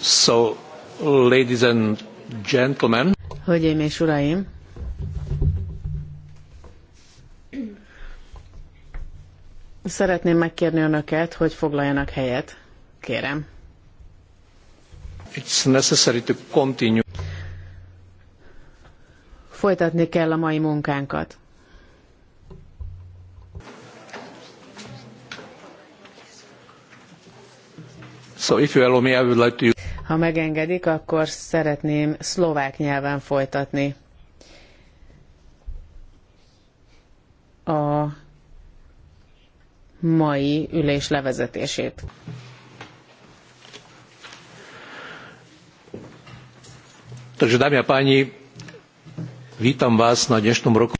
So, ladies and gentlemen. Hölgyeim és uraim. Szeretném megkérni önöket, hogy foglaljanak helyet. Kérem. It's necessary to continue. Folytatni kell a mai munkánkat. So if you allow me, I would like to... Ha megengedik, akkor szeretném szlovák nyelven folytatni. A mai ülés levezetését. Takže, dámy a páni, vítam vás na dnešnom roku.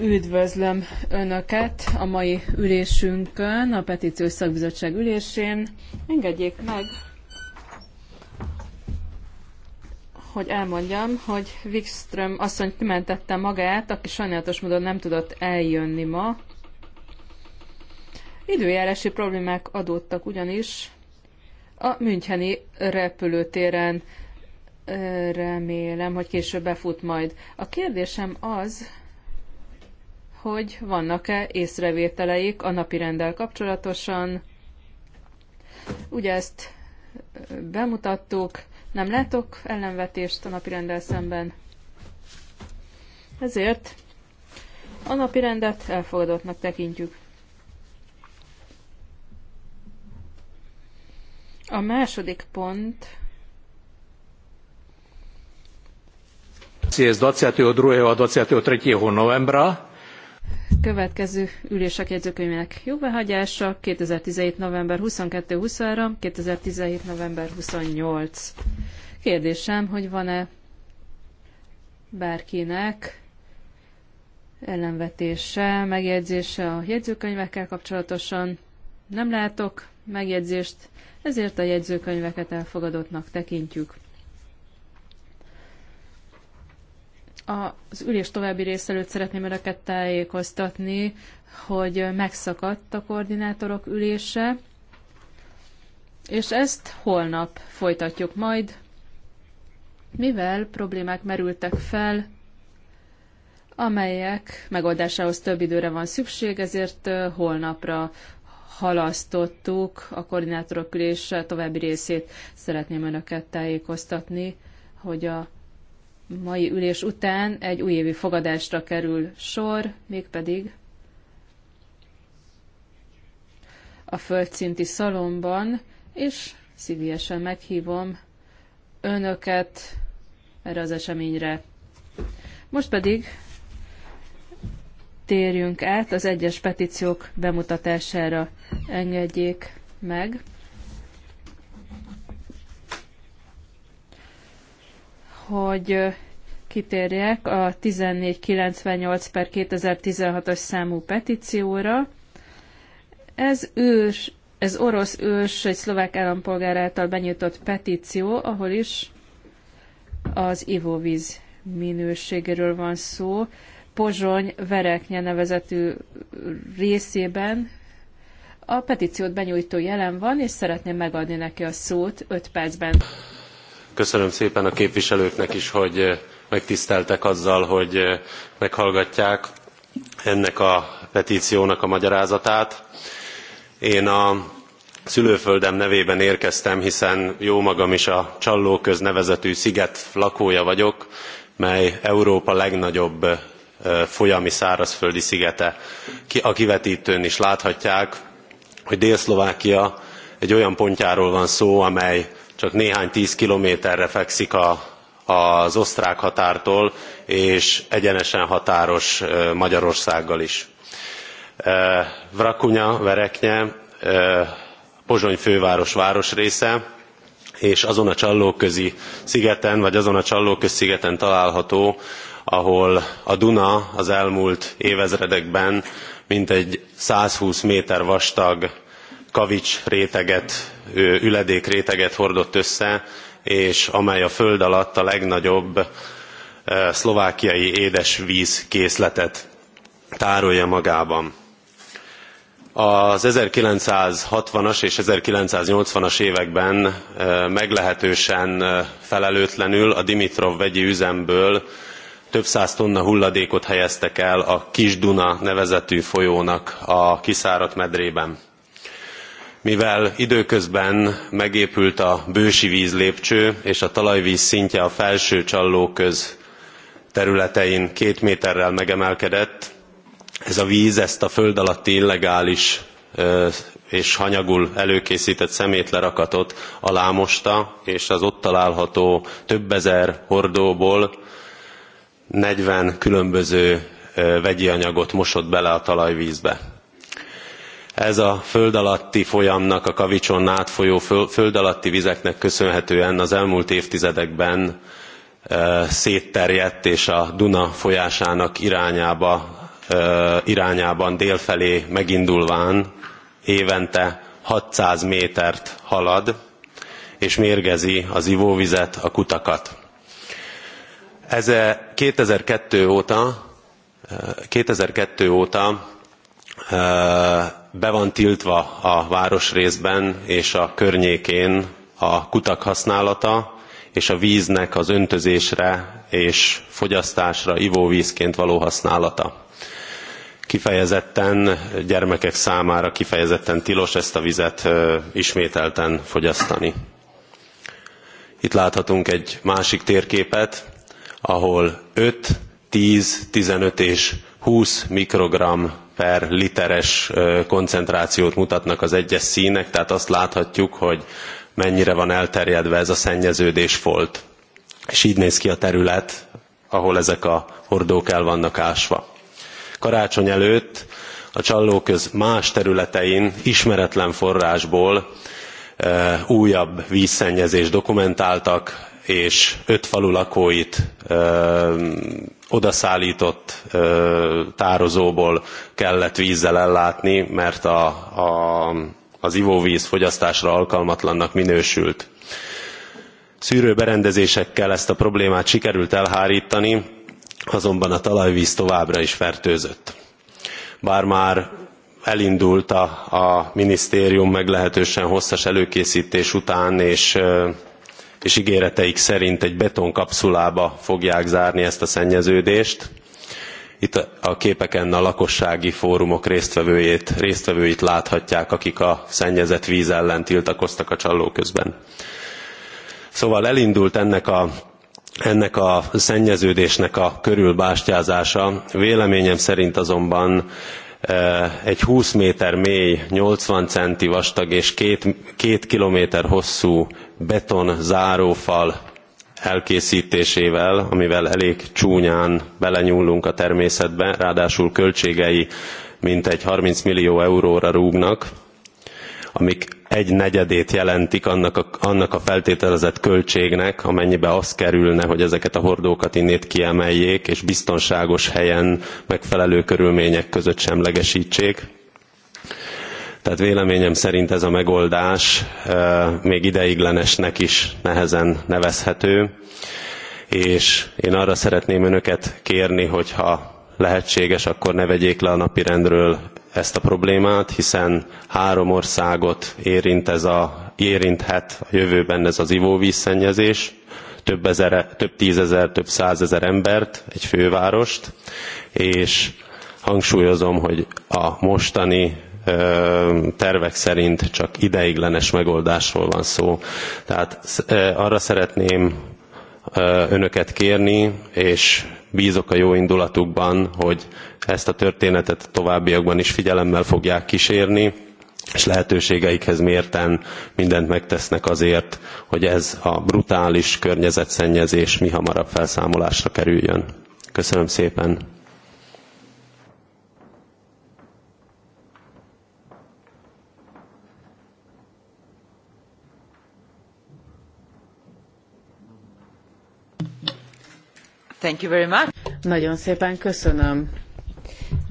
Üdvözlöm Önöket a mai ülésünkön, a Petíciós Szakbizottság ülésén. Engedjék meg, hogy elmondjam, hogy Wikström asszony kimentette magát, aki sajnálatos módon nem tudott eljönni ma. Időjárási problémák adódtak ugyanis a Müncheni repülőtéren. Remélem, hogy később befut majd. A kérdésem az, hogy vannak-e észrevételeik a napi rendel kapcsolatosan. Ugye ezt bemutattuk, nem látok ellenvetést a napirenddel szemben. Ezért a napirendet elfogadottnak tekintjük. A második pont Sziasztok, z 23. a 23. novembra következő ülések jegyzőkönyvének jóváhagyása 2017. november 22-23, 2017. november 28. Kérdésem, hogy van-e bárkinek ellenvetése, megjegyzése a jegyzőkönyvekkel kapcsolatosan? Nem látok megjegyzést, ezért a jegyzőkönyveket elfogadottnak tekintjük. Az ülés további része előtt szeretném önöket tájékoztatni, hogy megszakadt a koordinátorok ülése, és ezt holnap folytatjuk majd, mivel problémák merültek fel, amelyek megoldásához több időre van szükség, ezért holnapra halasztottuk a koordinátorok ülése további részét. Szeretném önöket tájékoztatni, hogy a mai ülés után egy újévi fogadásra kerül sor, mégpedig a földszinti szalomban, és szívesen meghívom önöket erre az eseményre. Most pedig térjünk át az egyes petíciók bemutatására. Engedjék meg, hogy kitérjek a 1498 per 2016-os számú petícióra. Ez ős, ez orosz ős, egy szlovák állampolgár által benyújtott petíció, ahol is az ivóvíz minőségéről van szó. Pozsony Vereknye nevezetű részében a petíciót benyújtó jelen van, és szeretném megadni neki a szót 5 percben köszönöm szépen a képviselőknek is hogy eh, megtiszteltek azzal hogy eh, meghallgatják ennek a petciónak a magyarázatát. én a szülőföldem nevében érkeztem hiszen jómagam is a csallóköz nevezetű sziget lakója vagyok mely európa legnagyobb eh, folyami szárazföldi szigete. a kivetítőn is láthatják hogy dél szlovákia egy olyan pontjáról van szó amely csak néhány tz kilométerre fekszik a, az osztrák határtól és egyenesen határos magyarországgal is. vrakunya vereknye pozsony főváros városrésze és azon a csallóközi szigeten vagy azon a csallóköz szigeten található ahol a duna az elmúlt évezredekben mintegy one hundred and twenty méter vastag kavics réteget, üledék réteget hordott össze, és amely a föld alatt a legnagyobb szlovákiai édesvíz készletet tárolja magában. Az 1960-as és 1980-as években meglehetősen felelőtlenül a Dimitrov vegyi üzemből több száz tonna hulladékot helyeztek el a Kis Duna nevezetű folyónak a kiszáradt medrében mivel időközben megépült a bősi vízlépcső és a talajvíz szintje a felső csallóköz területein két méterrel megemelkedett ez a víz ezt a föld alatti illegális és hanyagul előkészített szemétlerakatot alámosta és az ott található több ezer hordóból 40 különböző vegyi anyagot mosott bele a talajvízbe ez a föld alatti folyamnak, a kavicson átfolyó föld alatti vizeknek köszönhetően az elmúlt évtizedekben szétterjedt és a Duna folyásának irányába, irányában délfelé megindulván évente 600 métert halad, és mérgezi az ivóvizet, a kutakat. Ez 2002 óta, 2002 óta be van tiltva a városrészben és a környékén a kutak használata, és a víznek az öntözésre és fogyasztásra, ivóvízként való használata. Kifejezetten gyermekek számára kifejezetten tilos ezt a vizet ismételten fogyasztani. Itt láthatunk egy másik térképet, ahol 5, 10, 15 és 20 mikrogram per literes koncentrációt mutatnak az egyes színek, tehát azt láthatjuk, hogy mennyire van elterjedve ez a szennyeződés folt. És így néz ki a terület, ahol ezek a hordók el vannak ásva. Karácsony előtt a csallóköz más területein ismeretlen forrásból e, újabb vízszennyezést dokumentáltak, és öt falu lakóit e, odaszállított tározóból kellett vízzel ellátni, mert a, a, az ivóvíz fogyasztásra alkalmatlannak minősült. Szűrőberendezésekkel ezt a problémát sikerült elhárítani, azonban a talajvíz továbbra is fertőzött. Bár már elindult a, a minisztérium meglehetősen hosszas előkészítés után, és és ígéreteik szerint egy betonkapszulába fogják zárni ezt a szennyeződést. Itt a képeken a lakossági fórumok résztvevőjét, résztvevőit láthatják, akik a szennyezett víz ellen tiltakoztak a csalló közben. Szóval elindult ennek a ennek a szennyeződésnek a körülbástyázása. Véleményem szerint azonban Eh, egy 20 méter mély, 80 centi vastag és két, kilométer hosszú beton zárófal elkészítésével, amivel elég csúnyán belenyúlunk a természetbe, ráadásul költségei mintegy 30 millió euróra rúgnak, amik egy negyedét jelentik annak a, annak a feltételezett költségnek, amennyibe az kerülne, hogy ezeket a hordókat innét kiemeljék, és biztonságos helyen megfelelő körülmények között semlegesítsék. Tehát véleményem szerint ez a megoldás e, még ideiglenesnek is nehezen nevezhető, és én arra szeretném önöket kérni, hogyha lehetséges, akkor ne vegyék le a napirendről ezt a problémát, hiszen három országot érint ez a, érinthet a jövőben ez az ivóvízszennyezés, több, ezer, több tízezer, több százezer embert, egy fővárost, és hangsúlyozom, hogy a mostani tervek szerint csak ideiglenes megoldásról van szó. Tehát arra szeretném önöket kérni, és bízok a jó indulatukban, hogy ezt a történetet a továbbiakban is figyelemmel fogják kísérni, és lehetőségeikhez mérten mindent megtesznek azért, hogy ez a brutális környezetszennyezés mi hamarabb felszámolásra kerüljön. Köszönöm szépen! Thank you very much. Nagyon szépen köszönöm.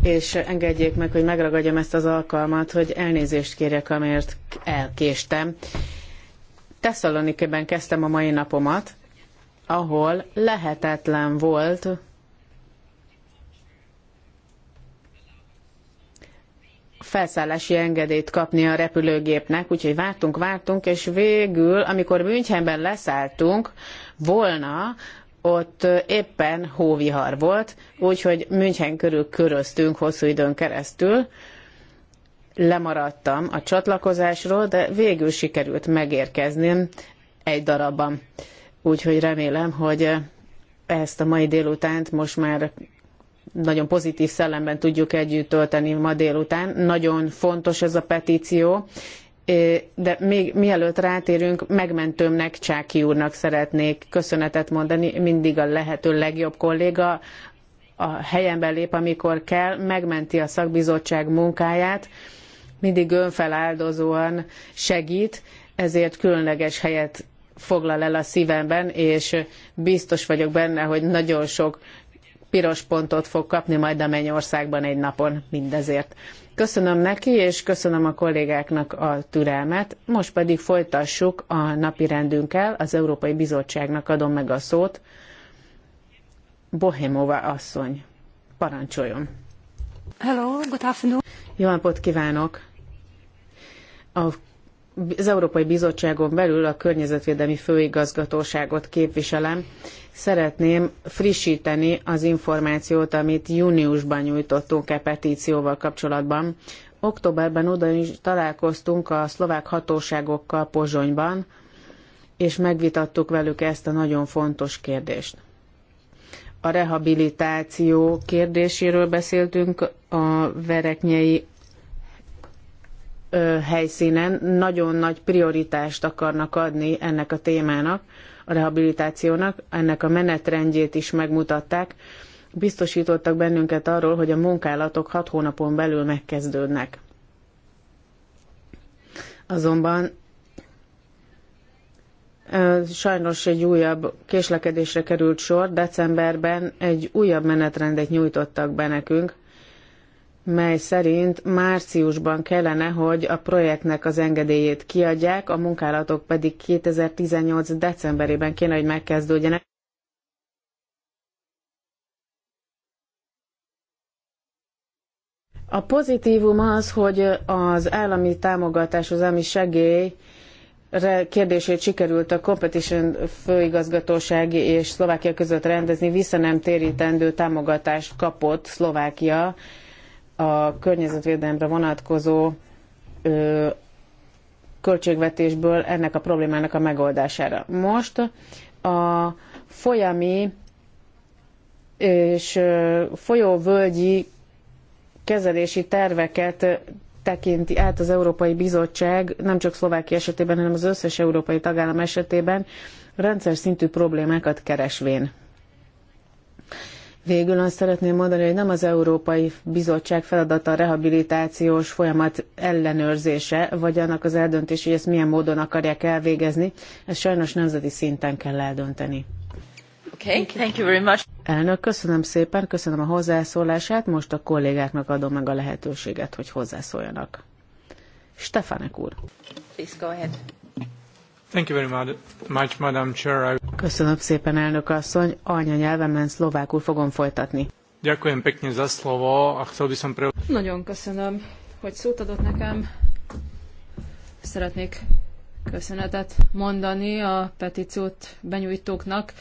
És engedjék meg, hogy megragadjam ezt az alkalmat, hogy elnézést kérjek, amiért elkéstem. Tesszalonikében kezdtem a mai napomat, ahol lehetetlen volt felszállási engedélyt kapni a repülőgépnek, úgyhogy vártunk, vártunk, és végül, amikor Münchenben leszálltunk volna, ott éppen hóvihar volt, úgyhogy München körül köröztünk hosszú időn keresztül. Lemaradtam a csatlakozásról, de végül sikerült megérkezni egy darabban. Úgyhogy remélem, hogy ezt a mai délutánt most már nagyon pozitív szellemben tudjuk együtt tölteni ma délután. Nagyon fontos ez a petíció, de még mielőtt rátérünk, megmentőmnek, Csáki úrnak szeretnék köszönetet mondani, mindig a lehető legjobb kolléga, a helyemben lép, amikor kell, megmenti a szakbizottság munkáját, mindig önfeláldozóan segít, ezért különleges helyet foglal el a szívemben, és biztos vagyok benne, hogy nagyon sok piros pontot fog kapni majd a mennyországban egy napon mindezért. Köszönöm neki, és köszönöm a kollégáknak a türelmet. Most pedig folytassuk a napi rendünkkel. Az Európai Bizottságnak adom meg a szót. Bohemova asszony, parancsoljon. Hello, good afternoon. Jó napot kívánok! A az Európai Bizottságon belül a Környezetvédelmi Főigazgatóságot képviselem, Szeretném frissíteni az információt, amit júniusban nyújtottunk e petícióval kapcsolatban. Októberben oda is találkoztunk a szlovák hatóságokkal Pozsonyban, és megvitattuk velük ezt a nagyon fontos kérdést. A rehabilitáció kérdéséről beszéltünk a vereknyei helyszínen. Nagyon nagy prioritást akarnak adni ennek a témának a rehabilitációnak, ennek a menetrendjét is megmutatták, biztosítottak bennünket arról, hogy a munkálatok hat hónapon belül megkezdődnek. Azonban sajnos egy újabb késlekedésre került sor. Decemberben egy újabb menetrendet nyújtottak be nekünk, mely szerint márciusban kellene, hogy a projektnek az engedélyét kiadják, a munkálatok pedig 2018. decemberében kéne, hogy megkezdődjenek. A pozitívum az, hogy az állami támogatás, az állami segély kérdését sikerült a Competition főigazgatósági és Szlovákia között rendezni, vissza nem térítendő támogatást kapott Szlovákia a környezetvédelemre vonatkozó ö, költségvetésből ennek a problémának a megoldására. Most a folyami és folyóvölgyi kezelési terveket tekinti át az Európai Bizottság, nem csak Szlovákia esetében, hanem az összes európai tagállam esetében, rendszer szintű problémákat keresvén. Végül azt szeretném mondani, hogy nem az Európai Bizottság feladata a rehabilitációs folyamat ellenőrzése, vagy annak az eldöntés, hogy ezt milyen módon akarják elvégezni. Ezt sajnos nemzeti szinten kell eldönteni. Okay, thank you very much. Elnök, köszönöm szépen, köszönöm a hozzászólását. Most a kollégáknak adom meg a lehetőséget, hogy hozzászóljanak. Stefanek úr. Please go ahead. Köszönöm szépen, elnök asszony. Anyanyelvemen szlovákul fogom folytatni. a pre... Nagyon köszönöm, hogy szót adott nekem. Szeretnék köszönetet mondani a petíciót benyújtóknak.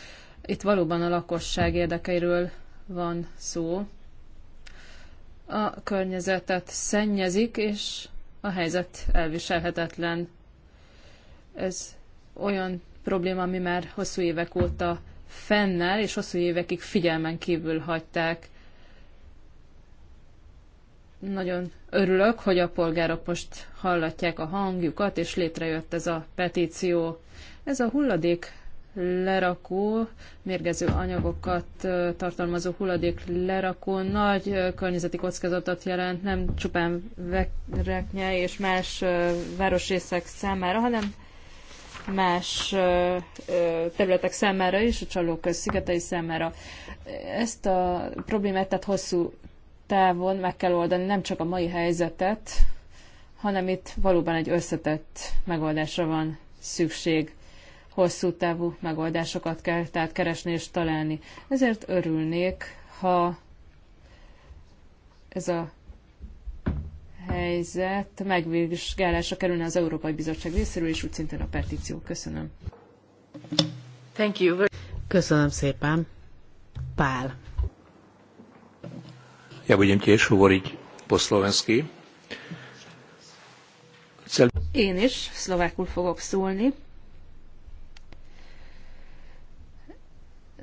Itt valóban a lakosság érdekeiről van szó. A környezetet szennyezik, és a helyzet elviselhetetlen ez olyan probléma, ami már hosszú évek óta fennel, és hosszú évekig figyelmen kívül hagyták. Nagyon örülök, hogy a polgárok most hallatják a hangjukat, és létrejött ez a petíció. Ez a hulladék lerakó, mérgező anyagokat tartalmazó hulladék lerakó nagy környezeti kockázatot jelent, nem csupán vekreknye és más városrészek számára, hanem más területek számára is, a csalók szigetei számára. Ezt a problémát tehát hosszú távon meg kell oldani, nem csak a mai helyzetet, hanem itt valóban egy összetett megoldásra van szükség. Hosszú távú megoldásokat kell tehát keresni és találni. Ezért örülnék, ha ez a helyzet megvizsgálásra kerülne az Európai Bizottság részéről, és úgy szintén a petíció. Köszönöm. Thank you. Köszönöm szépen. Pál. Ja budem tiež hovoriť po slovensky. Én is szlovákul fogok szólni.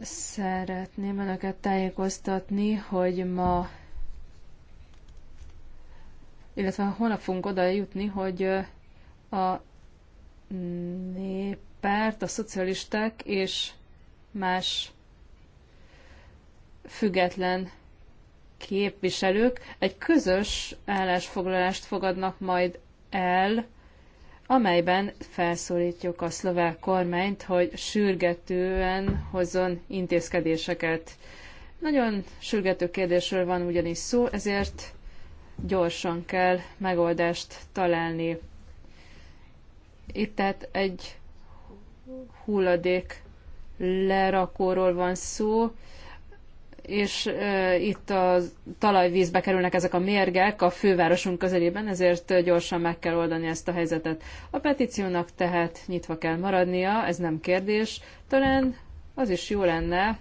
Szeretném Önöket tájékoztatni, hogy ma illetve holnap fogunk oda jutni, hogy a néppárt, a szocialisták és más független képviselők egy közös állásfoglalást fogadnak majd el, amelyben felszólítjuk a szlovák kormányt, hogy sürgetően hozzon intézkedéseket. Nagyon sürgető kérdésről van ugyanis szó, ezért gyorsan kell megoldást találni. Itt tehát egy hulladék lerakóról van szó, és e, itt a talajvízbe kerülnek ezek a mérgek a fővárosunk közelében, ezért gyorsan meg kell oldani ezt a helyzetet. A petíciónak tehát nyitva kell maradnia, ez nem kérdés. Talán az is jó lenne,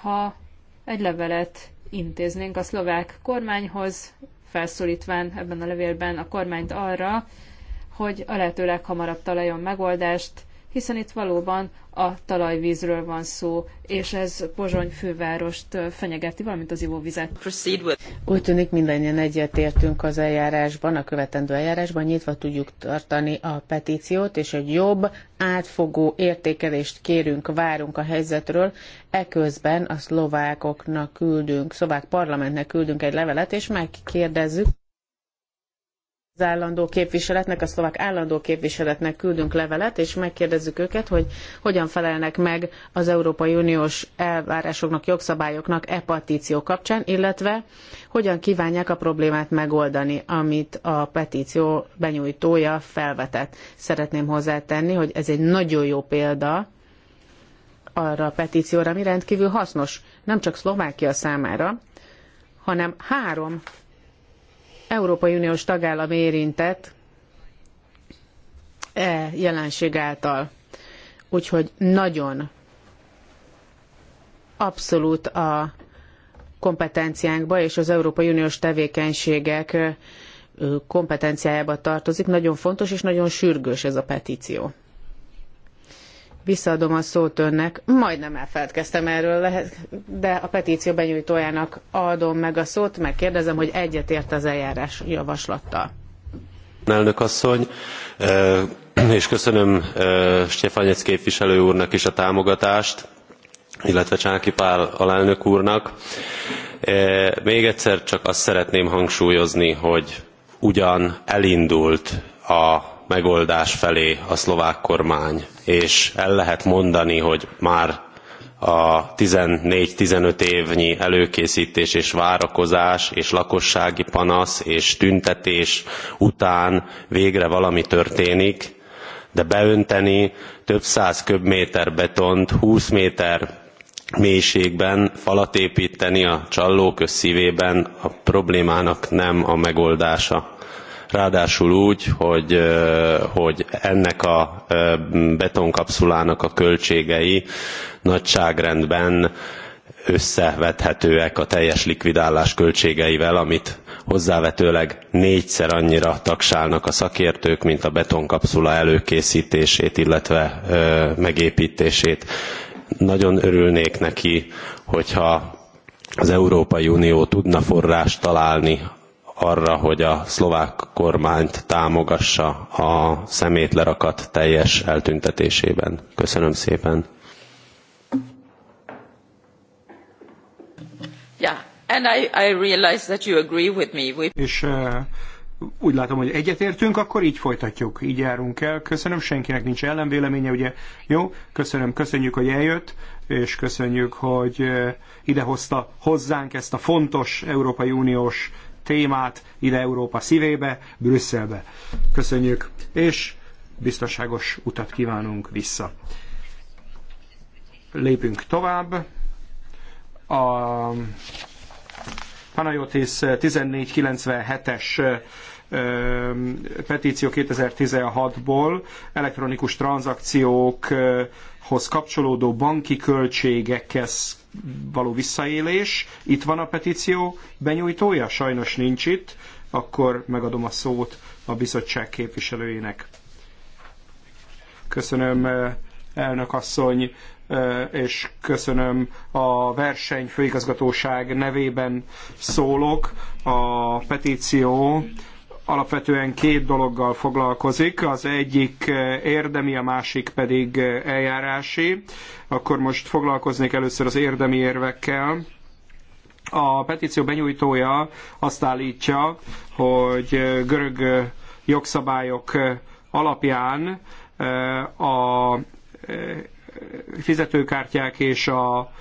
ha egy levelet intéznénk a szlovák kormányhoz, felszólítván ebben a levélben a kormányt arra, hogy a lehető leghamarabb találjon megoldást, hiszen itt valóban a talajvízről van szó, és ez Pozsony fővárost fenyegeti, valamint az ivóvizet. Úgy tűnik mindannyian egyetértünk az eljárásban, a követendő eljárásban, nyitva tudjuk tartani a petíciót, és egy jobb, átfogó értékelést kérünk, várunk a helyzetről. Eközben a szlovákoknak küldünk, szlovák parlamentnek küldünk egy levelet, és megkérdezzük, állandó képviseletnek, a szlovák állandó képviseletnek küldünk levelet, és megkérdezzük őket, hogy hogyan felelnek meg az Európai Uniós elvárásoknak, jogszabályoknak e petíció kapcsán, illetve hogyan kívánják a problémát megoldani, amit a petíció benyújtója felvetett. Szeretném hozzátenni, hogy ez egy nagyon jó példa arra a petícióra, ami rendkívül hasznos, nem csak Szlovákia számára, hanem három Európai Uniós tagállam érintett e jelenség által. Úgyhogy nagyon abszolút a kompetenciánkba és az Európai Uniós tevékenységek kompetenciájába tartozik. Nagyon fontos és nagyon sürgős ez a petíció. Visszaadom a szót önnek. Majdnem elfeledkeztem erről, de a petíció benyújtójának adom meg a szót, megkérdezem, hogy egyetért az eljárás javaslattal. Elnök asszony, eh, és köszönöm eh, Stefanec képviselő úrnak is a támogatást, illetve Csáki Pál alelnök úrnak. Eh, még egyszer csak azt szeretném hangsúlyozni, hogy ugyan elindult a megoldás felé a szlovák kormány, és el lehet mondani, hogy már a 14-15 évnyi előkészítés és várakozás és lakossági panasz és tüntetés után végre valami történik, de beönteni több száz köbméter betont 20 méter mélységben falat építeni a csallóköz szívében a problémának nem a megoldása ráadásul úgy, hogy, hogy ennek a betonkapszulának a költségei nagyságrendben összevethetőek a teljes likvidálás költségeivel, amit hozzávetőleg négyszer annyira taksálnak a szakértők, mint a betonkapszula előkészítését, illetve ö, megépítését. Nagyon örülnék neki, hogyha az Európai Unió tudna forrást találni arra, hogy a szlovák kormányt támogassa a szemétlerakat teljes eltüntetésében. Köszönöm szépen. Yeah, and I, I realize that you agree with me. We... És uh, úgy látom, hogy egyetértünk, akkor így folytatjuk, így járunk el. Köszönöm, senkinek nincs ellenvéleménye, ugye? Jó, köszönöm, köszönjük, hogy eljött, és köszönjük, hogy uh, idehozta hozzánk ezt a fontos Európai Uniós témát ide Európa szívébe, Brüsszelbe. Köszönjük, és biztonságos utat kívánunk vissza. Lépünk tovább. A Panayotis 1497-es petíció 2016-ból elektronikus tranzakciókhoz kapcsolódó banki költségekkel való visszaélés. Itt van a petíció benyújtója? Sajnos nincs itt. Akkor megadom a szót a bizottság képviselőjének. Köszönöm, elnök asszony és köszönöm a verseny főigazgatóság nevében szólok. A petíció alapvetően két dologgal foglalkozik, az egyik eh, érdemi, a másik pedig eh, eljárási. Akkor most foglalkoznék először az érdemi érvekkel. A petíció benyújtója azt állítja, hogy eh, görög jogszabályok alapján a fizetőkártyák és a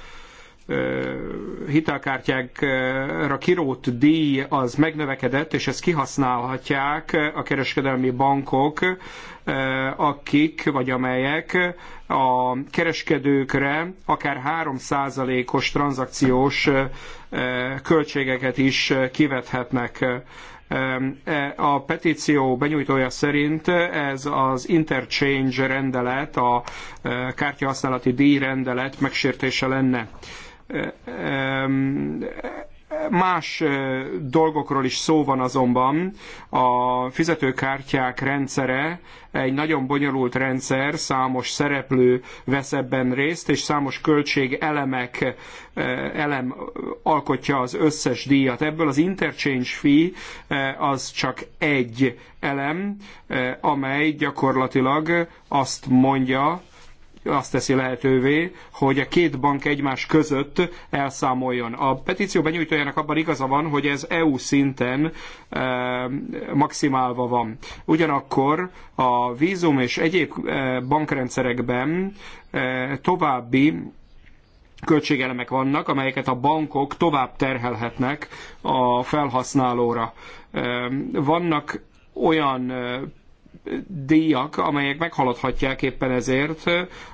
hitelkártyákra kirót díj az megnövekedett, és ezt kihasználhatják a kereskedelmi bankok, akik vagy amelyek a kereskedőkre akár 3%-os tranzakciós költségeket is kivethetnek. E, a petíció benyújtója szerint ez az interchange rendelet, a kártyahasználati díj rendelet megsértése lenne. Más dolgokról is szó van azonban. A fizetőkártyák rendszere egy nagyon bonyolult rendszer, számos szereplő vesz ebben részt, és számos költség elemek, elem alkotja az összes díjat. Ebből az interchange fee az csak egy elem, amely gyakorlatilag azt mondja, azt teszi lehetővé, hogy a két bank egymás között elszámoljon. A petíció benyújtójának abban igaza van, hogy ez EU szinten e, maximálva van. Ugyanakkor a vízum és egyéb eh, bankrendszerekben e, további költségelemek vannak, amelyeket a bankok tovább terhelhetnek a felhasználóra. E, vannak olyan díjak, amelyek meghaladhatják éppen ezért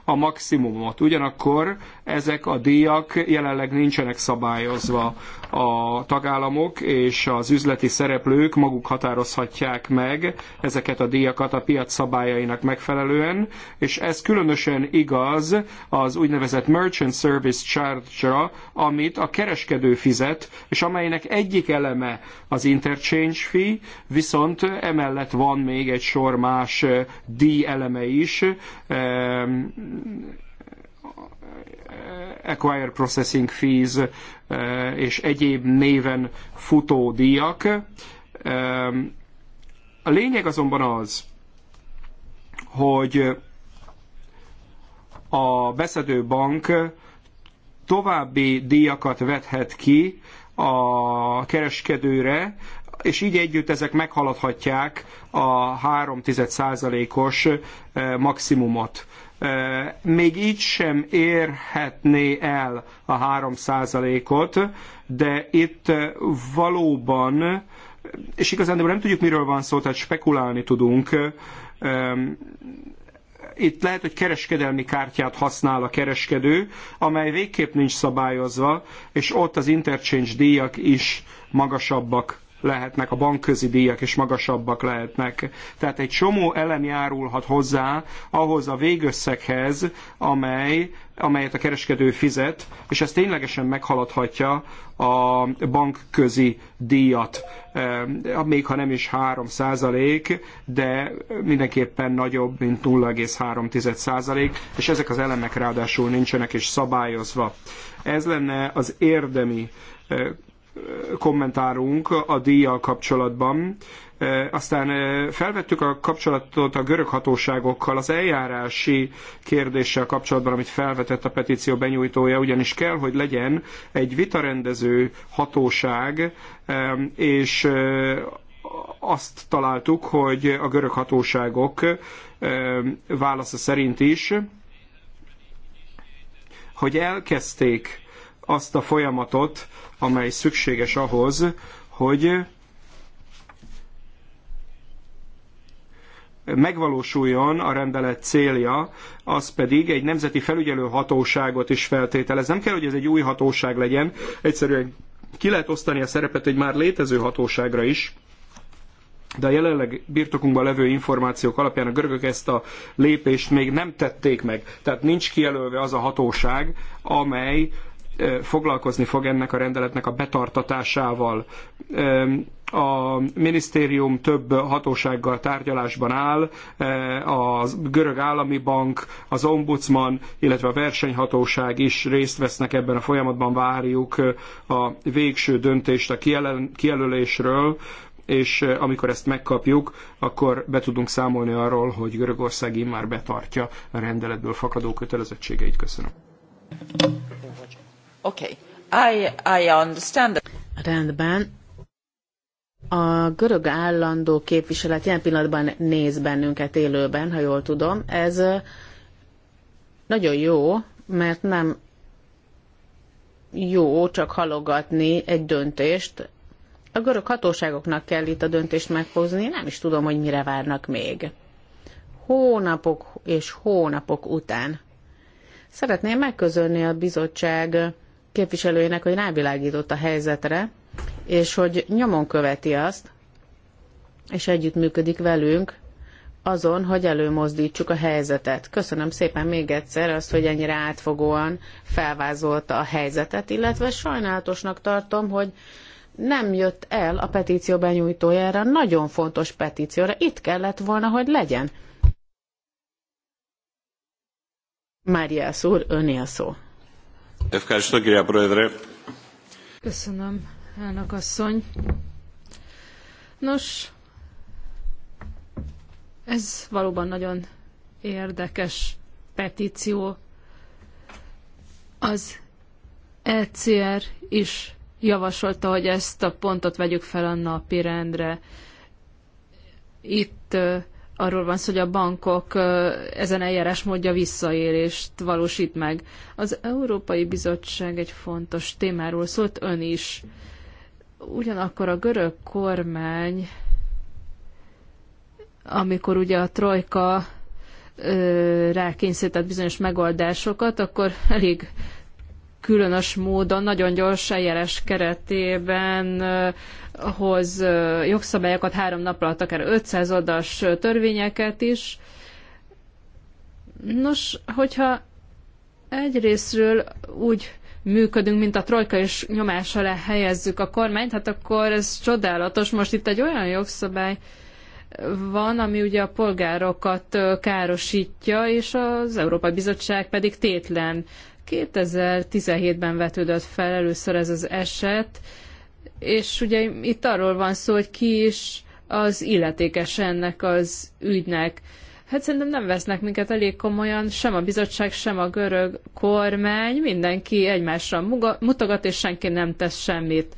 a maximumot. Ugyanakkor ezek a díjak jelenleg nincsenek szabályozva a tagállamok és az üzleti szereplők maguk határozhatják meg ezeket a díjakat a piac szabályainak megfelelően, és ez különösen igaz az úgynevezett Merchant Service Charge-ra, amit a kereskedő fizet, és amelynek egyik eleme az interchange fee, viszont emellett van még egy sor más eleme is, ehm, acquire processing fees és egyéb néven futó díjak. A lényeg azonban az, hogy a beszedő bank további díjakat vethet ki a kereskedőre, és így együtt ezek meghaladhatják a 3,1%-os maximumot még így sem érhetné el a 3%-ot, de itt valóban, és igazán nem tudjuk, miről van szó, tehát spekulálni tudunk, itt lehet, hogy kereskedelmi kártyát használ a kereskedő, amely végképp nincs szabályozva, és ott az interchange díjak is magasabbak lehetnek, a bankközi díjak is magasabbak lehetnek. Tehát egy csomó elem járulhat hozzá ahhoz a végösszeghez, amely, amelyet a kereskedő fizet, és ez ténylegesen meghaladhatja a bankközi díjat, ehm, még ha nem is 3 százalék, de mindenképpen nagyobb, mint 0,3 és ezek az elemek ráadásul nincsenek is szabályozva. Ez lenne az érdemi kommentárunk a díjjal kapcsolatban. E, aztán e, felvettük a kapcsolatot a görög hatóságokkal az eljárási kérdéssel kapcsolatban, amit felvetett a petíció benyújtója, ugyanis kell, hogy legyen egy vitarendező hatóság, e, és azt találtuk, hogy a görög hatóságok válasza szerint is, hogy elkezdték azt a folyamatot, amely szükséges ahhoz, hogy megvalósuljon a rendelet célja, az pedig egy nemzeti felügyelő hatóságot is feltételez. Nem kell, hogy ez egy új hatóság legyen, egyszerűen ki lehet osztani a szerepet egy már létező hatóságra is, de a jelenleg birtokunkban levő információk alapján a görögök ezt a lépést még nem tették meg. Tehát nincs kijelölve az a hatóság, amely foglalkozni fog ennek a rendeletnek a betartatásával. A minisztérium több hatósággal tárgyalásban áll, a görög állami bank, az ombudsman, illetve a versenyhatóság is részt vesznek ebben a folyamatban, várjuk a végső döntést a kijelölésről, és amikor ezt megkapjuk, akkor be tudunk számolni arról, hogy Görögország immár betartja a rendeletből fakadó kötelezettségeit. Köszönöm. Okay. I, I understand that. Rendben. A görög állandó képviselet jelen pillanatban néz bennünket élőben, ha jól tudom. Ez nagyon jó, mert nem jó csak halogatni egy döntést. A görög hatóságoknak kell itt a döntést meghozni, nem is tudom, hogy mire várnak még. Hónapok és hónapok után. Szeretném megközölni a bizottság képviselőjének, hogy rávilágított a helyzetre, és hogy nyomon követi azt, és együttműködik velünk azon, hogy előmozdítsuk a helyzetet. Köszönöm szépen még egyszer azt, hogy ennyire átfogóan felvázolta a helyzetet, illetve sajnálatosnak tartom, hogy nem jött el a petíció benyújtójára, nagyon fontos petícióra. Itt kellett volna, hogy legyen. Mária úr, öné a szó. Köszönöm, elnök asszony. Nos, ez valóban nagyon érdekes petíció. Az ECR is javasolta, hogy ezt a pontot vegyük fel a napirendre. Itt arról van szó, hogy a bankok ezen eljárás módja visszaélést valósít meg. Az Európai Bizottság egy fontos témáról szólt ön is. Ugyanakkor a görög kormány, amikor ugye a trojka rákényszerített bizonyos megoldásokat, akkor elég különös módon nagyon gyors eljárás keretében eh, hoz eh, jogszabályokat három nap alatt, akár 500 oldalas eh, törvényeket is. Nos, hogyha egyrésztről úgy működünk, mint a trojka, és nyomás alá helyezzük a kormányt, hát akkor ez csodálatos. Most itt egy olyan jogszabály van, ami ugye a polgárokat károsítja, és az Európai Bizottság pedig tétlen. 2017-ben vetődött fel először ez az eset, és ugye itt arról van szó, hogy ki is az illetékes ennek az ügynek. Hát szerintem nem vesznek minket elég komolyan, sem a bizottság, sem a görög kormány, mindenki egymásra mutogat, és senki nem tesz semmit.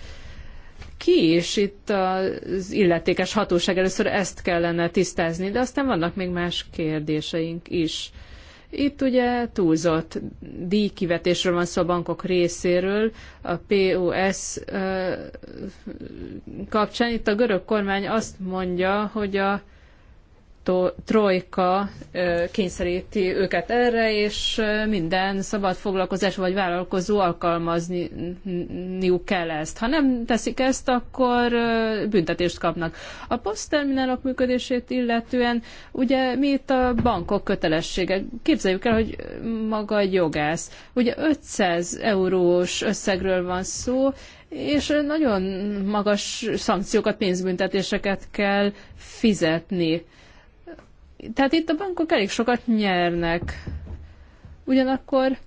Ki is itt az illetékes hatóság? Először ezt kellene tisztázni, de aztán vannak még más kérdéseink is. Itt ugye túlzott díjkivetésről van szó a bankok részéről, a POS kapcsán. Itt a görög kormány azt mondja, hogy a trojka kényszeríti őket erre, és minden szabad foglalkozás vagy vállalkozó alkalmazniuk kell ezt. Ha nem teszik ezt, akkor büntetést kapnak. A posztterminálok működését illetően, ugye mi itt a bankok kötelessége? Képzeljük el, hogy maga a jogász. Ugye 500 eurós összegről van szó, és nagyon magas szankciókat, pénzbüntetéseket kell fizetni tehát itt a bankok elég sokat nyernek. Ugyanakkor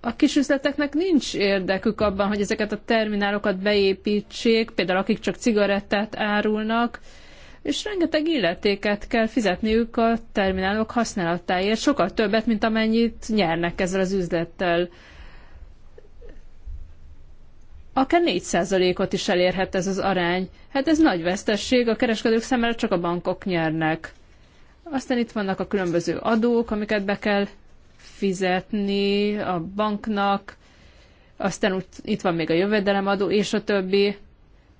a kisüzleteknek nincs érdekük abban, hogy ezeket a terminálokat beépítsék, például akik csak cigarettát árulnak, és rengeteg illetéket kell fizetniük a terminálok használatáért, sokkal többet, mint amennyit nyernek ezzel az üzlettel. Akár 4%-ot is elérhet ez az arány. Hát ez nagy vesztesség, a kereskedők számára csak a bankok nyernek. Aztán itt vannak a különböző adók, amiket be kell fizetni a banknak, aztán úgy, itt van még a jövedelemadó, és a többi,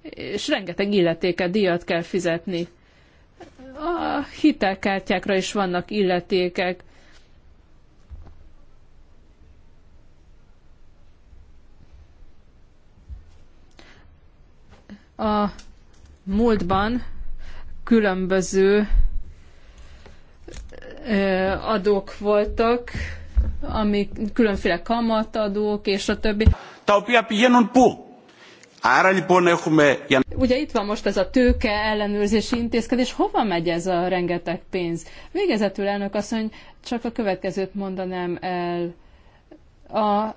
és rengeteg illetéket, díjat kell fizetni. A hitelkártyákra is vannak illetékek. A múltban különböző adók voltak, ami különféle kamatadók és a többi. Ugye itt van most ez a tőke ellenőrzési intézkedés, hova megy ez a rengeteg pénz? Végezetül elnök asszony, csak a következőt mondanám el. A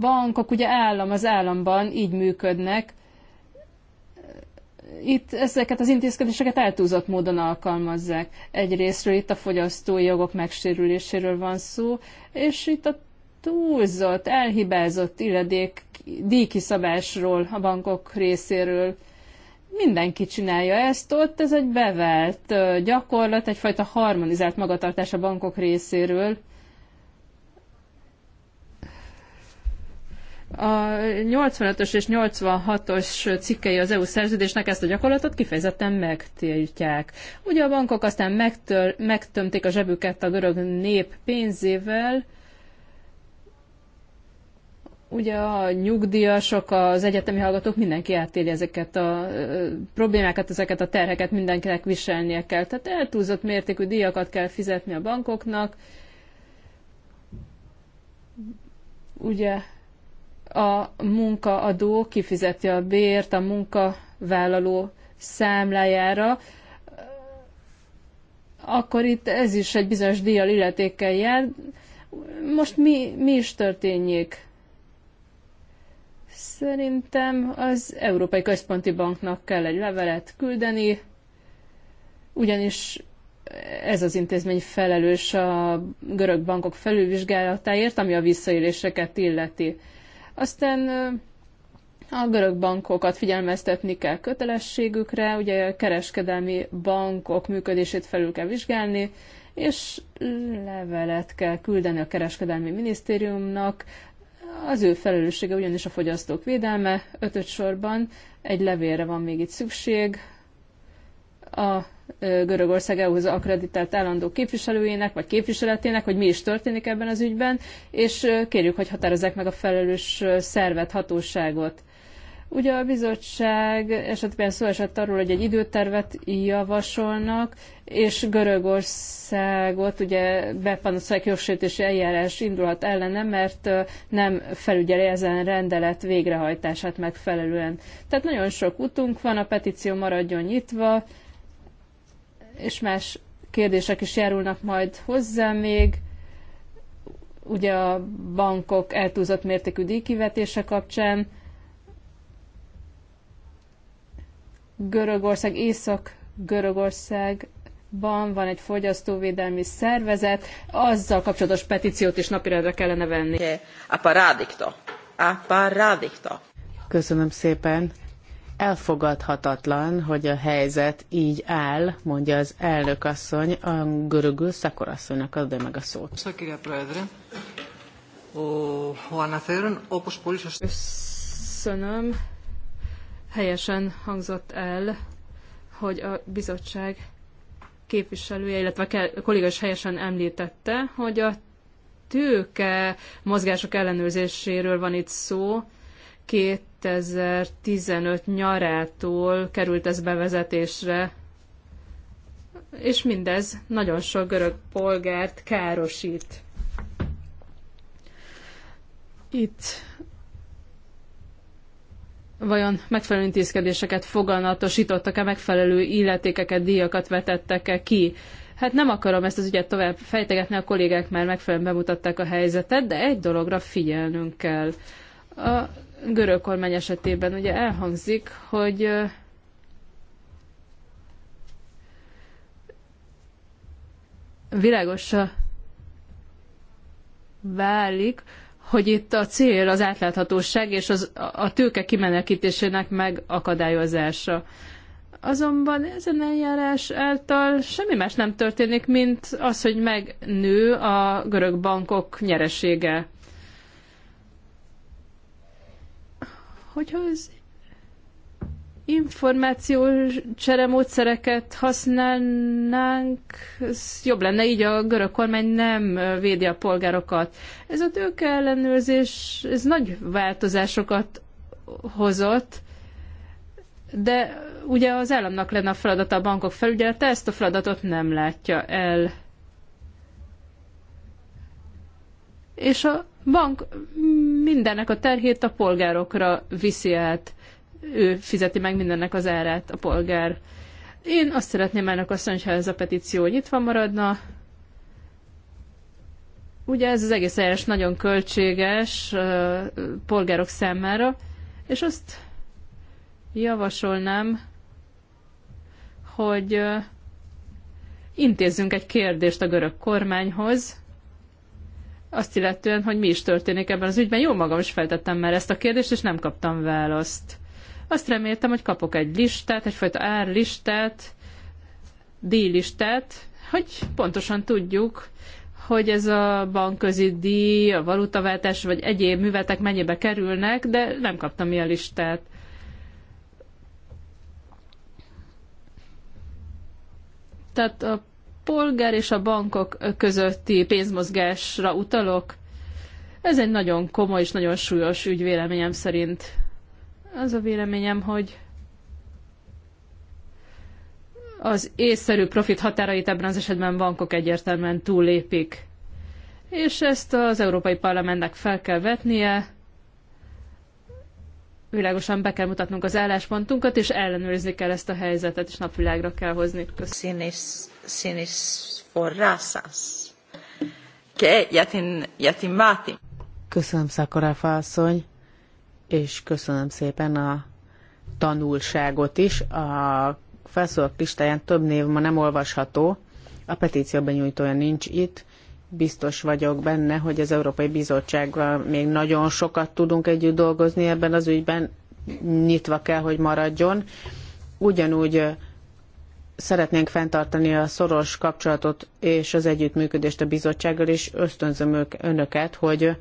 bankok ugye állam az államban így működnek, itt ezeket az intézkedéseket eltúzott módon alkalmazzák. Egyrésztről itt a fogyasztói jogok megsérüléséről van szó, és itt a túlzott, elhibázott illedék díjkiszabásról a bankok részéről. Mindenki csinálja ezt ott, ez egy bevált gyakorlat, egyfajta harmonizált magatartás a bankok részéről, A 85-ös és 86-os cikkei az EU szerződésnek ezt a gyakorlatot kifejezetten megtiltják. Ugye a bankok aztán megtör, megtömték a zsebüket a görög nép pénzével, ugye a nyugdíjasok, az egyetemi hallgatók, mindenki átéli ezeket a problémákat, ezeket a terheket mindenkinek viselnie kell. Tehát eltúlzott mértékű díjakat kell fizetni a bankoknak. Ugye a munkaadó kifizeti a bért a munkavállaló számlájára, akkor itt ez is egy bizonyos díjjal illetékkel jár. Most mi, mi is történjék? Szerintem az Európai Központi Banknak kell egy levelet küldeni, ugyanis ez az intézmény felelős a görög bankok felülvizsgálatáért, ami a visszaéléseket illeti aztán a görög bankokat figyelmeztetni kell kötelességükre, ugye a kereskedelmi bankok működését felül kell vizsgálni, és levelet kell küldeni a kereskedelmi minisztériumnak, az ő felelőssége ugyanis a fogyasztók védelme, ötöt sorban egy levélre van még itt szükség, a Görögország EU-hoz akreditált állandó képviselőjének, vagy képviseletének, hogy mi is történik ebben az ügyben, és kérjük, hogy határozzák meg a felelős szervet, hatóságot. Ugye a bizottság esetben szó esett arról, hogy egy időtervet javasolnak, és Görögországot ugye bepanaszolják jogsértési eljárás indulhat ellene, mert nem felügyeli ezen rendelet végrehajtását megfelelően. Tehát nagyon sok utunk van, a petíció maradjon nyitva, és más kérdések is járulnak majd hozzá még. Ugye a bankok eltúzott mértékű díjkivetése kapcsán Görögország, észak Görögországban van egy fogyasztóvédelmi szervezet, azzal kapcsolatos petíciót is napirendre kellene venni. A paradikta. A paradikta. Köszönöm szépen. Elfogadhatatlan, hogy a helyzet így áll, mondja az elnök asszony, a görögül szakorasszonynak adja meg a szót. Köszönöm. Helyesen hangzott el, hogy a bizottság képviselője, illetve a kolléga is helyesen említette, hogy a tőke mozgások ellenőrzéséről van itt szó, két 2015 nyarától került ez bevezetésre, és mindez nagyon sok görög polgárt károsít. Itt vajon megfelelő intézkedéseket foganatosítottak-e, megfelelő illetékeket, díjakat vetettek-e ki? Hát nem akarom ezt az ügyet tovább fejtegetni, a kollégák már megfelelően bemutatták a helyzetet, de egy dologra figyelnünk kell. A görög kormány esetében ugye elhangzik, hogy világos válik, hogy itt a cél az átláthatóság és az, a tőke kimenekítésének megakadályozása. Azonban ezen eljárás által semmi más nem történik, mint az, hogy megnő a görög bankok nyeresége. Hogyha az információs módszereket használnánk, ez jobb lenne, így a görög kormány nem védi a polgárokat. Ez a tőke ellenőrzés, ez nagy változásokat hozott, de ugye az államnak lenne a feladata a bankok felügyelete, ezt a feladatot nem látja el. és a bank mindennek a terhét a polgárokra viszi át. Ő fizeti meg mindennek az árát, a polgár. Én azt szeretném ennek azt mondani, ha ez a petíció nyitva maradna. Ugye ez az egész eljárás nagyon költséges polgárok számára, és azt javasolnám, hogy intézzünk egy kérdést a görög kormányhoz, azt illetően, hogy mi is történik ebben az ügyben. Jó magam is feltettem már ezt a kérdést, és nem kaptam választ. Azt reméltem, hogy kapok egy listát, egyfajta árlistát, díjlistát, hogy pontosan tudjuk, hogy ez a bankközi díj, a valutaváltás vagy egyéb művetek mennyibe kerülnek, de nem kaptam ilyen listát. Tehát a polgár és a bankok közötti pénzmozgásra utalok. Ez egy nagyon komoly és nagyon súlyos ügy véleményem szerint. Az a véleményem, hogy az észszerű profit határait ebben az esetben bankok egyértelműen túllépik. És ezt az Európai Parlamentnek fel kell vetnie, világosan be kell mutatnunk az álláspontunkat, és ellenőrizni kell ezt a helyzetet, és napvilágra kell hozni. Színis, színis forrászász. Ke, jatin, jatin máti. Köszönöm, Szakoráfa asszony, és köszönöm szépen a tanulságot is. A felszólalt listáján több név ma nem olvasható, a petícióban benyújtója nincs itt, biztos vagyok benne, hogy az Európai Bizottsággal még nagyon sokat tudunk együtt dolgozni ebben az ügyben, nyitva kell, hogy maradjon. Ugyanúgy szeretnénk fenntartani a szoros kapcsolatot és az együttműködést a bizottsággal, és ösztönzöm önöket, hogy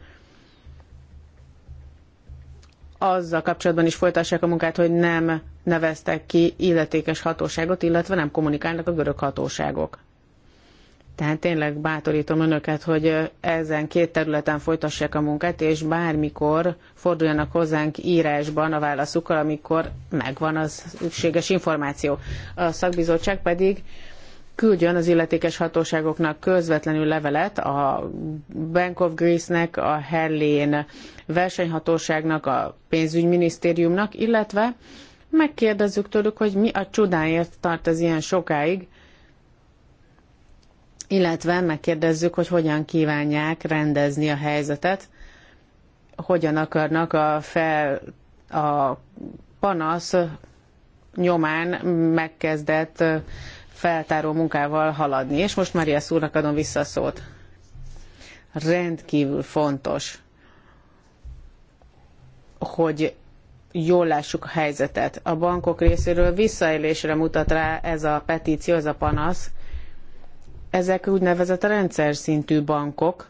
azzal kapcsolatban is folytassák a munkát, hogy nem neveztek ki illetékes hatóságot, illetve nem kommunikálnak a görög hatóságok. Tehát tényleg bátorítom önöket, hogy ezen két területen folytassák a munkát, és bármikor forduljanak hozzánk írásban a válaszukkal, amikor megvan az szükséges információ. A szakbizottság pedig küldjön az illetékes hatóságoknak közvetlenül levelet a Bank of Greece-nek, a Hellén versenyhatóságnak, a pénzügyminisztériumnak, illetve megkérdezzük tőlük, hogy mi a csodáért tart ez ilyen sokáig, illetve megkérdezzük, hogy hogyan kívánják rendezni a helyzetet, hogyan akarnak a, fel, a panasz nyomán megkezdett feltáró munkával haladni. És most Maria Szúrnak adom vissza a szót. Rendkívül fontos, hogy jól lássuk a helyzetet. A bankok részéről visszaélésre mutat rá ez a petíció, ez a panasz, ezek úgynevezett rendszer szintű bankok,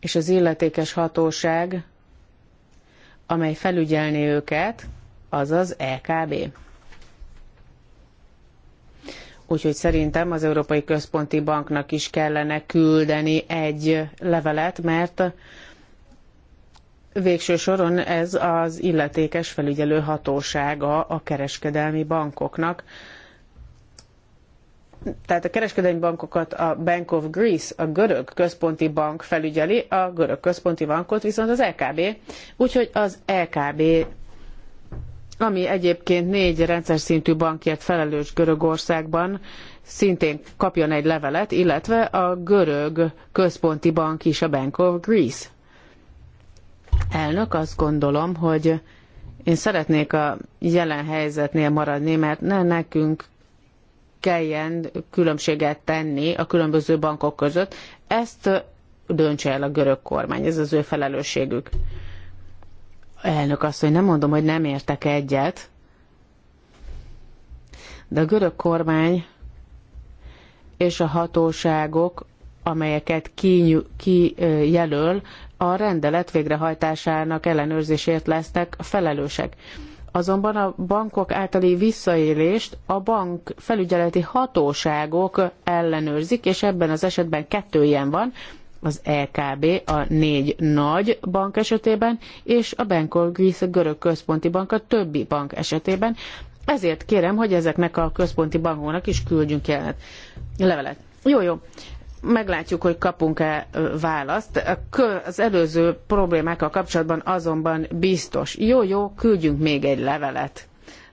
és az illetékes hatóság, amely felügyelni őket, az az EKB. Úgyhogy szerintem az Európai Központi Banknak is kellene küldeni egy levelet, mert végső soron ez az illetékes felügyelő hatósága a kereskedelmi bankoknak, tehát a kereskedelmi bankokat a Bank of Greece, a görög központi bank felügyeli, a görög központi bankot viszont az LKB. Úgyhogy az LKB, ami egyébként négy rendszer szintű bankért felelős Görögországban, szintén kapjon egy levelet, illetve a görög központi bank is a Bank of Greece. Elnök, azt gondolom, hogy én szeretnék a jelen helyzetnél maradni, mert ne nekünk kelljen különbséget tenni a különböző bankok között. Ezt döntse el a görög kormány, ez az ő felelősségük. Elnök azt, hogy nem mondom, hogy nem értek egyet, de a görög kormány és a hatóságok, amelyeket kijelöl, ki a rendelet végrehajtásának ellenőrzésért lesznek felelősek. Azonban a bankok általi visszaélést a bank felügyeleti hatóságok ellenőrzik, és ebben az esetben kettő ilyen van, az LKB e a négy nagy bank esetében, és a Bankolgisz görög központi bank a többi bank esetében. Ezért kérem, hogy ezeknek a központi bankoknak is küldjünk jelenet, levelet. Jó, jó meglátjuk, hogy kapunk-e választ. Az előző problémákkal kapcsolatban azonban biztos. Jó, jó, küldjünk még egy levelet.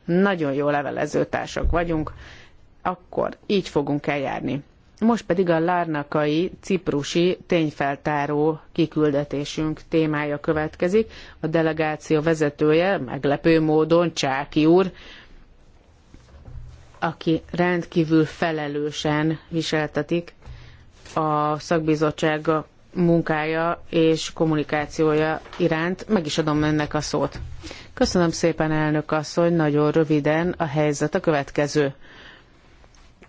Nagyon jó levelező társak vagyunk, akkor így fogunk eljárni. Most pedig a Lárnakai ciprusi tényfeltáró kiküldetésünk témája következik. A delegáció vezetője meglepő módon Csáki úr, aki rendkívül felelősen viseltetik a szakbizottság munkája és kommunikációja iránt. Meg is adom önnek a szót. Köszönöm szépen, elnök asszony, nagyon röviden a helyzet a következő.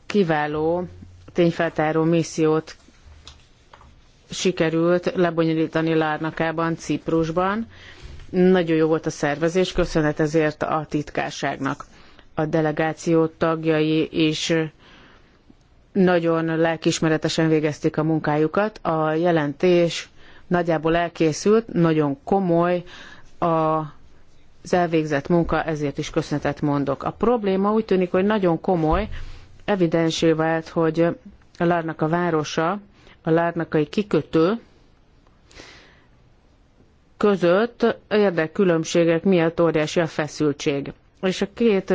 Kiváló tényfeltáró missziót sikerült lebonyolítani Lárnakában, Ciprusban. Nagyon jó volt a szervezés, köszönet ezért a titkárságnak. A delegáció tagjai is nagyon lelkismeretesen végezték a munkájukat. A jelentés nagyjából elkészült, nagyon komoly a, az elvégzett munka, ezért is köszönetet mondok. A probléma úgy tűnik, hogy nagyon komoly, evidensé vált, hogy a Lárnaka városa, a Lárnakai kikötő között érdekkülönbségek miatt óriási a feszültség. És a két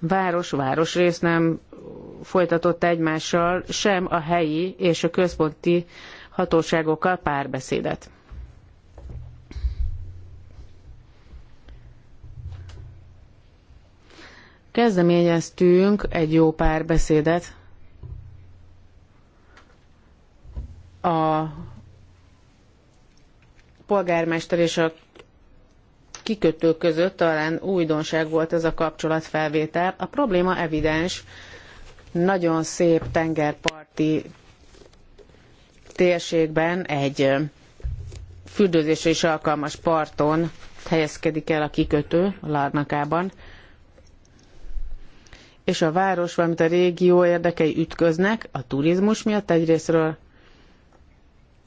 város, városrész nem folytatott egymással sem a helyi és a központi hatóságokkal párbeszédet. Kezdeményeztünk egy jó párbeszédet a polgármester és a kikötők között talán újdonság volt ez a kapcsolatfelvétel. A probléma evidens, nagyon szép tengerparti térségben egy fürdőzésre is alkalmas parton helyezkedik el a kikötő Larnakában, és a város, valamint a régió érdekei ütköznek a turizmus miatt egyrésztről,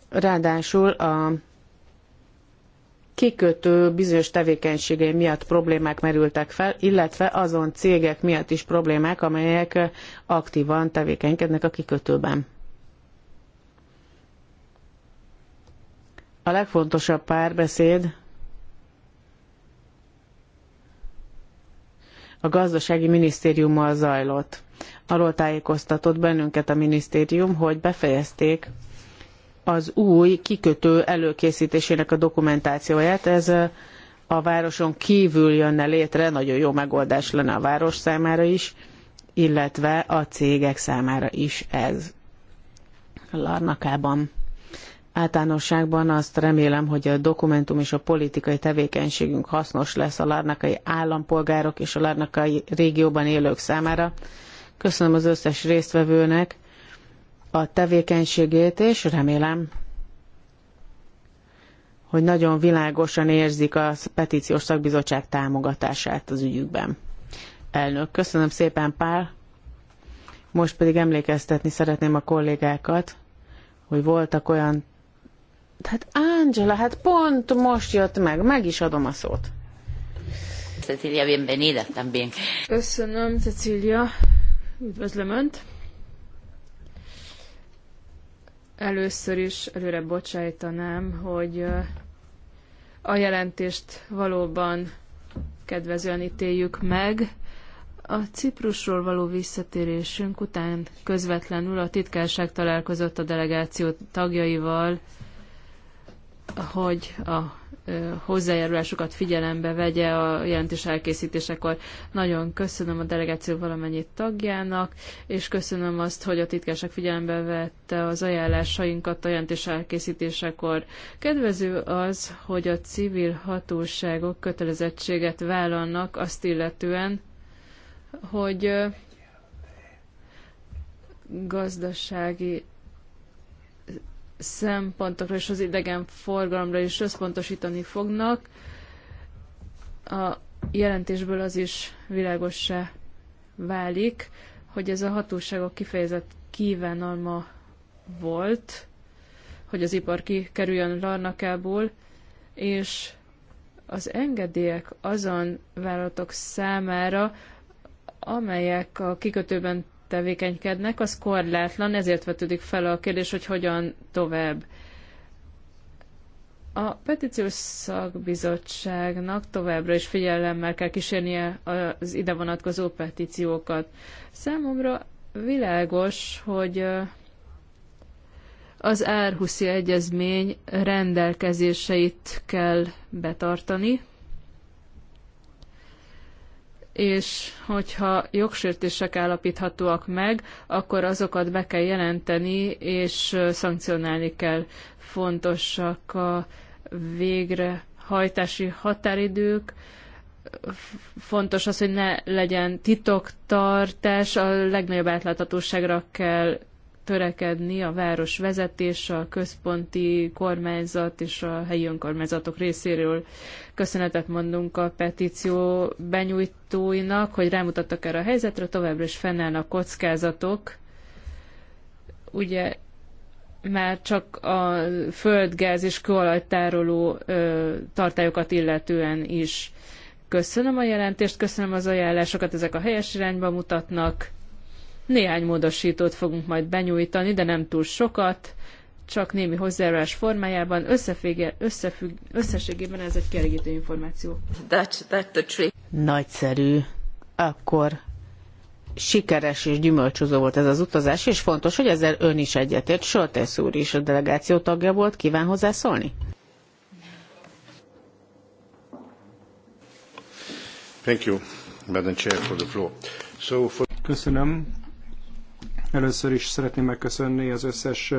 ráadásul a kikötő bizonyos tevékenységei miatt problémák merültek fel, illetve azon cégek miatt is problémák, amelyek aktívan tevékenykednek a kikötőben. A legfontosabb párbeszéd a gazdasági minisztériummal zajlott. Arról tájékoztatott bennünket a minisztérium, hogy befejezték az új kikötő előkészítésének a dokumentációját. Ez a városon kívül jönne létre, nagyon jó megoldás lenne a város számára is, illetve a cégek számára is ez. Larnakában. Általánosságban azt remélem, hogy a dokumentum és a politikai tevékenységünk hasznos lesz a larnakai állampolgárok és a larnakai régióban élők számára. Köszönöm az összes résztvevőnek, a tevékenységét, és remélem, hogy nagyon világosan érzik a petíciós szakbizottság támogatását az ügyükben. Elnök, köszönöm szépen, Pál. Most pedig emlékeztetni szeretném a kollégákat, hogy voltak olyan... Hát Angela, hát pont most jött meg, meg is adom a szót. Cecilia, bienvenida también. Köszönöm, Cecilia. Üdvözlöm Önt. Először is előre bocsájtanám, hogy a jelentést valóban kedvezően ítéljük meg. A Ciprusról való visszatérésünk után közvetlenül a titkárság találkozott a delegáció tagjaival, hogy a hozzájárulásukat figyelembe vegye a jelentés elkészítésekor. Nagyon köszönöm a delegáció valamennyi tagjának, és köszönöm azt, hogy a titkárság figyelembe vette az ajánlásainkat a jelentés elkészítésekor. Kedvező az, hogy a civil hatóságok kötelezettséget vállalnak azt illetően, hogy gazdasági szempontokra és az idegen forgalomra is összpontosítani fognak. A jelentésből az is világossá válik, hogy ez a hatóságok kifejezett kívánalma volt, hogy az ipar kikerüljön Larnakából, és az engedélyek azon vállalatok számára, amelyek a kikötőben tevékenykednek, az korlátlan, ezért vetődik fel a kérdés, hogy hogyan tovább. A petíciós szakbizottságnak továbbra is figyelemmel kell kísérnie az ide vonatkozó petíciókat. Számomra világos, hogy az Árhuszi Egyezmény rendelkezéseit kell betartani, és hogyha jogsértések állapíthatóak meg, akkor azokat be kell jelenteni, és szankcionálni kell. Fontosak a végrehajtási határidők, fontos az, hogy ne legyen titoktartás, a legnagyobb átláthatóságra kell törekedni a város vezetés, a központi kormányzat és a helyi önkormányzatok részéről. Köszönetet mondunk a petíció benyújtóinak, hogy rámutattak erre a helyzetre, továbbra is fennállnak kockázatok. Ugye már csak a földgáz és kőolajtároló tartályokat illetően is. Köszönöm a jelentést, köszönöm az ajánlásokat, ezek a helyes irányba mutatnak néhány módosítót fogunk majd benyújtani, de nem túl sokat, csak némi hozzájárulás formájában. Összefügge, összefügg, összességében ez egy kielégítő információ. That's, that's the trick. Nagyszerű. Akkor sikeres és gyümölcsöző volt ez az utazás, és fontos, hogy ezzel ön is egyetért. Soltész úr is a delegáció tagja volt. Kíván hozzászólni? Thank you, Madam Chair, for the floor. So for... Köszönöm. Először is szeretném megköszönni az összes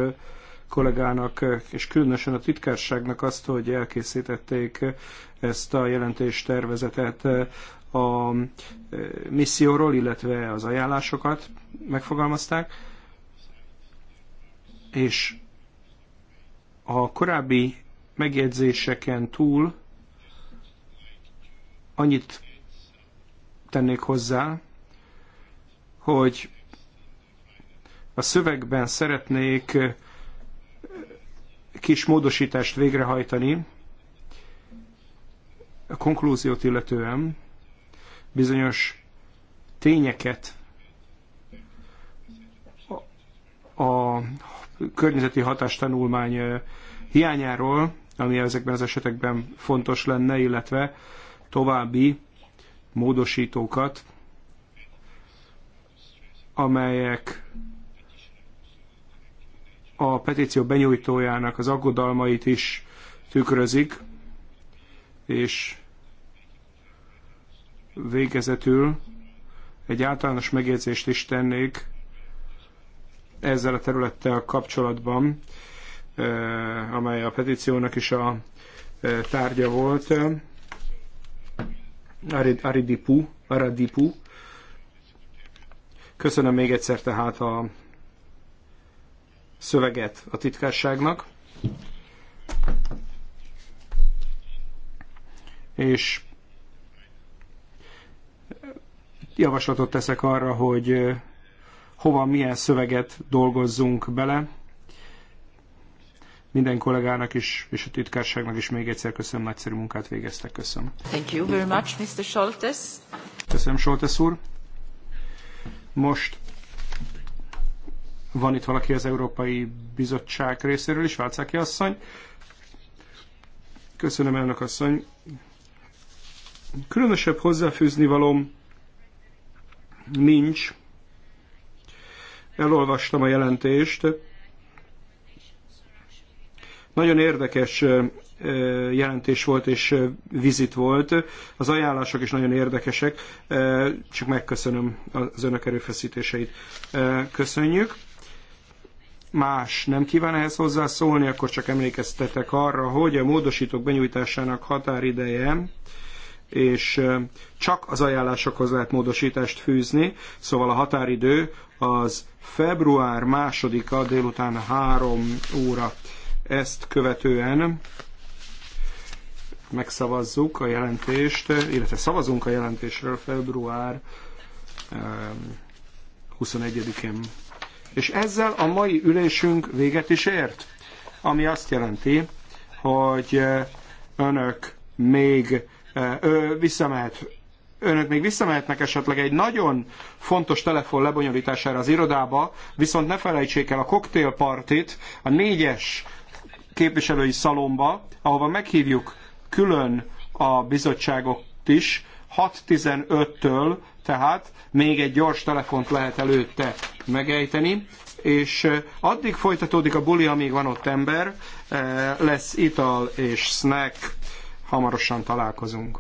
kollégának, és különösen a titkárságnak azt, hogy elkészítették ezt a jelentéstervezetet a misszióról, illetve az ajánlásokat megfogalmazták, és a korábbi megjegyzéseken túl annyit tennék hozzá, hogy a szövegben szeretnék kis módosítást végrehajtani a konklúziót illetően, bizonyos tényeket a környezeti hatástanulmány hiányáról, ami ezekben az esetekben fontos lenne, illetve további módosítókat, amelyek a petíció benyújtójának az aggodalmait is tükrözik, és végezetül egy általános megjegyzést is tennék ezzel a területtel kapcsolatban, eh, amely a petíciónak is a eh, tárgya volt. Aridipu, Aradipu. Köszönöm még egyszer tehát a szöveget a titkárságnak, és javaslatot teszek arra, hogy hova, milyen szöveget dolgozzunk bele. Minden kollégának is, és a titkárságnak is még egyszer köszönöm, nagyszerű munkát végeztek, köszönöm. Thank you very much, Mr. Scholtes. Köszönöm, Scholtes úr. Most van itt valaki az Európai Bizottság részéről is, Válcáki asszony. Köszönöm, elnök asszony. Különösebb hozzáfűzni valóm nincs. Elolvastam a jelentést. Nagyon érdekes jelentés volt és vizit volt. Az ajánlások is nagyon érdekesek, csak megköszönöm az önök erőfeszítéseit. Köszönjük más nem kíván ehhez hozzászólni, akkor csak emlékeztetek arra, hogy a módosítók benyújtásának határideje és csak az ajánlásokhoz lehet módosítást fűzni, szóval a határidő az február másodika délután 3 óra. Ezt követően megszavazzuk a jelentést, illetve szavazunk a jelentésről február 21-én. És ezzel a mai ülésünk véget is ért, ami azt jelenti, hogy eh, önök még eh, ö, visszamehet, önök még visszamehetnek esetleg egy nagyon fontos telefon lebonyolítására az irodába, viszont ne felejtsék el a koktélpartit a négyes képviselői szalomba, ahova meghívjuk külön a bizottságot is, 6.15-től tehát még egy gyors telefont lehet előtte megejteni, és addig folytatódik a buli, amíg van ott ember, lesz ital és snack, hamarosan találkozunk.